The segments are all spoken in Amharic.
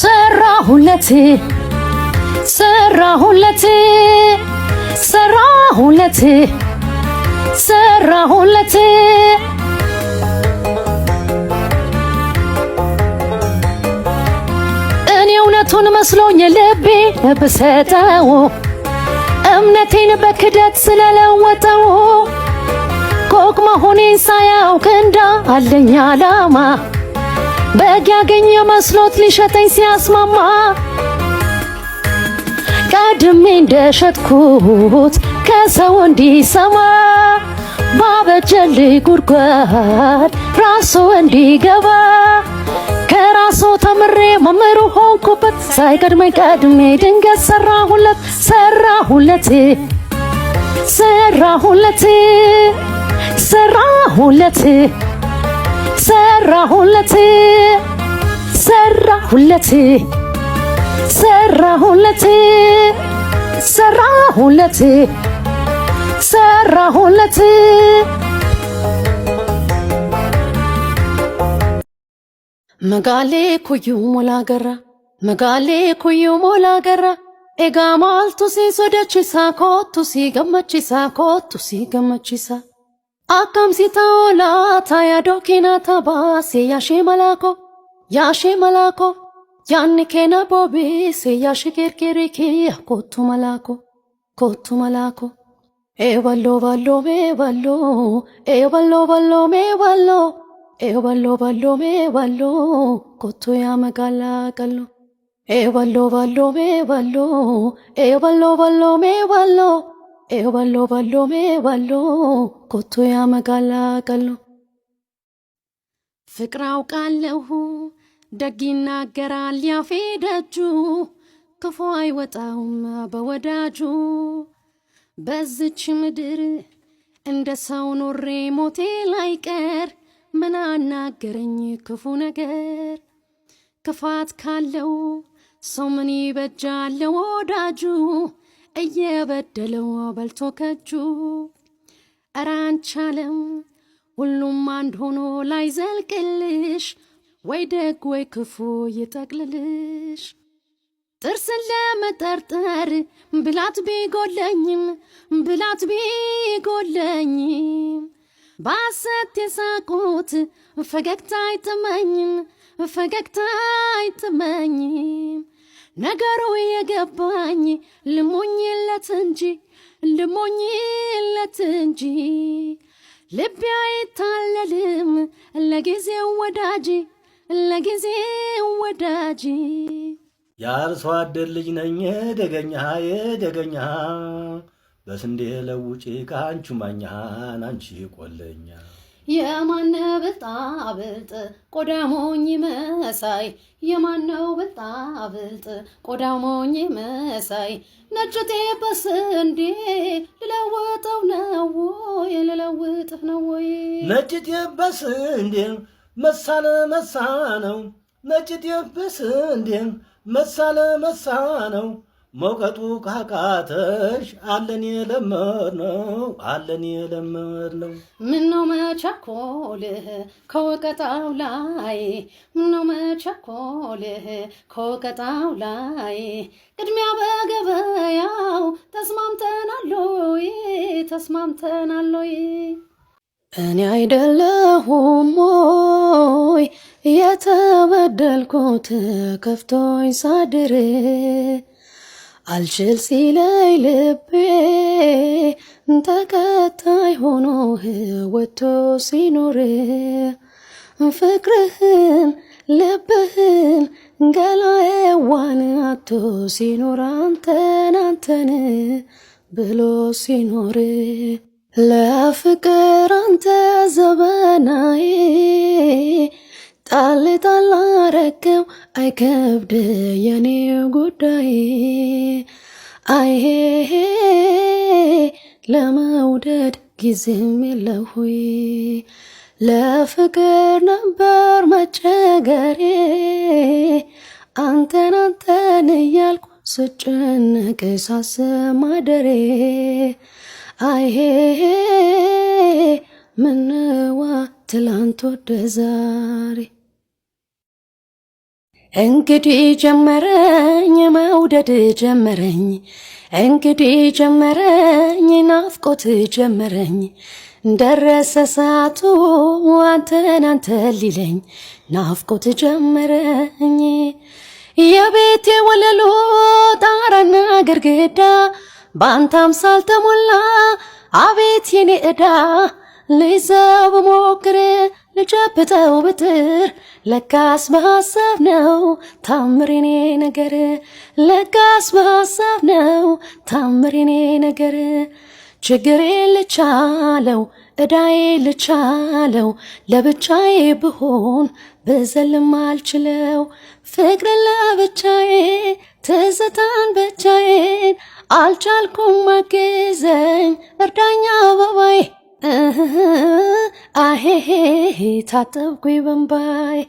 ሰራሁለት ሰራሁለት ሰራሁለት ሰራሁለት እኔ እውነቱን መስሎኝ ልቤ ብሰጠው እምነቴን በክደት ስለለወጠው ኮክ መሆኔን ሳያውቅ እንዳለኝ አላማ በግ ያገኘ መስሎት ሊሸጠኝ ሲያስማማ ቀድሜ እንደሸጥኩት ከሰው እንዲሰማ ባበጀልኝ ጉድጓድ ራሱ እንዲገባ ተምሬ መምህሩ ሆንኩበት ሳይቀድመኝ ቀድሜ ድንገት ሰራሁለት ሰራሁለት ሰራሁለት ሰራሁለት ሰራሁለት ሰራሁለት ሰራሁለት ሰራሁለት ሰራሁለት Magaalee kuyyuu moolaa garra. Magaalee kuyyuu moolaa garra. Egaa maaltu si sodaachisa kootu si gammachisa kootu si gammachisa. Akkamsita olaata yaadookina tabaase yaashee malaako yaashee malaako yaanni keena boobeese yaashee kirkirikii kootu malaako kootu malaako. Eebaloo baloo meebaloo eebaloo baloo meebaloo. ኤባሎ ባሎ ባሎ ኮቶ ያመጋላ ቀሎ ኤባሎ ባሎ ባሎ ኤባሎ ባሎ ባሎ ኤባሎ ባሎ ባሎ ኮቶ ያመጋላ ቀሎ ፍቅር አውቃለሁ ደግ ይናገራል ያፌ ደጁ ክፉ አይወጣውም በወዳጁ በዝች ምድር እንደ ሰው ኖሬ ሞቴ ላይቀር ምን አናገረኝ ክፉ ነገር ክፋት ካለው ሰው ምን ይበጃል ወዳጁ እየበደለው በልቶ ከጁ እራንቻለም ሁሉም አንድ ሆኖ ላይ ዘልቅልሽ ወይ ደግ ወይ ክፉ ይጠቅልልሽ። ጥርስን ለመጠርጠር ብላት ቢጎለኝም ብላት ቢጎለኝም ባሰት የሳቁት ፈገግታ አይተመኝም ፈገግታ አይተመኝም ነገሩ የገባኝ ልሞኝለት እንጂ ልሞኝለት እንጂ ልቤ አይታለልም ለጊዜው ወዳጅ ለጊዜው ወዳጅ የአርሶ አደር ልጅ ነኝ ደገኛ የደገኛ በስንዴ ለውጪ ከአንቹ ማኛን አንቺ ቆለኛ የማነ ብልጣ ብልጥ ቆዳ ሞኝ መሳይ የማነው ብልጣ ብልጥ ቆዳ ሞኝ መሳይ ነጭ ጤፍ በስንዴ ልለውጠው ነው ወይ ልለውጥህ ነው ወይ ነጭ በስንዴ መሳለ መሳ ነው ነጭ ጤፍ በስንዴ መሳለ መሳ ነው መውቀጡ ካቃተሽ አለን የለመድ ነው አለን የለመድ ነው። ምነው መቻኮልህ ከወቀጣው ላይ ምነው መቻኮልህ ከወቀጣው ላይ ቅድሚያ በገበያው ተስማምተናሎይ ተስማምተናሎይ እኔ አይደለሁም ወይ የተበደልኩት ከፍቶኝ ሳድር አልችል ሲላይ ልቤ ተከታይ ሆኖህ ወጥቶ ሲኖር ፍቅርህን ልብህን ገላየዋን አቶ ሲኖር አንተን አንተን ብሎ ሲኖር ለፍቅር አንተ ዘበናዬ ጣል ጣል አረገው አይከብድ የኔው ጉዳይ አይሄሄ ለመውደድ ጊዜም የለሁይ ለፍቅር ነበር መቸገሬ አንተን አንተን እያልኩ ስጨነቅ ሳስብ ማደሬ ምንዋ ትላንት ወደ ዛሬ እንግዲህ ጀመረኝ መውደድ ጀመረኝ እንግዲህ ጀመረኝ ናፍቆት ጀመረኝ ደረሰ ሰዓቱ አንተን አንተ ሊለኝ ናፍቆት ጀመረኝ የቤቴ ወለሉ ጣራና ግርግዳ በአንተ አምሳል ተሞላ አቤት የኔ ዕዳ ልይዘው በሞክር ልጨብጠው ብጥር ለጋስ በሀሳብ ነው ታምሬኔ ነገር ለጋስ በሀሳብ ነው ታምሬኔ ነገር ችግሬ ልቻለው እዳዬ ልቻለው ለብቻዬ ብሆን ብዘልም አልችለው ፍቅርን ለብቻዬ ትዝታን ብቻዬን አልቻልኩም አግዘኝ እርዳኛ አበባዬ አሄ ታጠብኩ በንባይ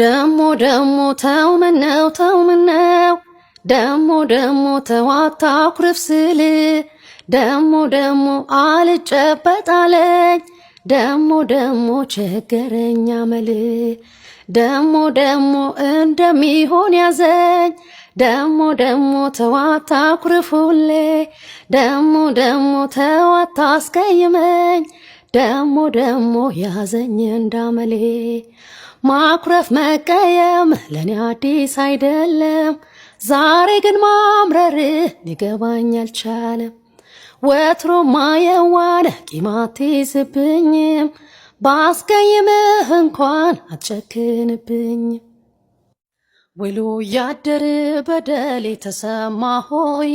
ደሞ ደሞ ተው ምነው ተው ምነው ደሞ ደሞ ተው አታኩርፍ ስል ደሞ ደሞ አልጨበጣለኝ ደሞ ደሞ ቸገረኛ መል ደሞ ደሞ እንደሚሆን ያዘኝ ደሞ ደሞ ተዋታ ኩርፉሌ ደሞ ደሞ ተዋታ አስቀይመኝ ደሞ ደሞ ያዘኝ እንዳመሌ ማኩረፍ መቀየም ለእኔ አዲስ አይደለም። ዛሬ ግን ማምረር ሊገባኝ አልቻለም። ወትሮ ማየዋነ ቂማት ይዝብኝም ባስቀይምህ እንኳን አትጨክንብኝም። ውሎ ያደር በደል የተሰማ ሆይ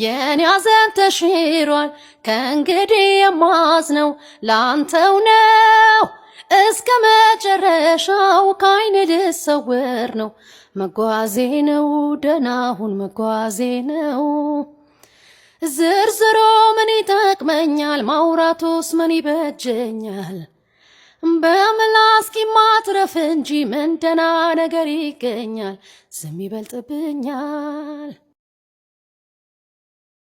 የኔ ሐዘን ተሽሯል፣ ከእንግዲህ የማዝነው ላንተው ነው እስከ መጨረሻው ከዓይን ልሰወር ነው መጓዜ ነው ደናሁን መጓዜ ነው። ዝርዝሮ ምን ይጠቅመኛል? ማውራቶስ ምን ይበጀኛል? በምላስ ማትረፍ እንጂ ምን ደህና ነገር ይገኛል? ዝም ይበልጥብኛል።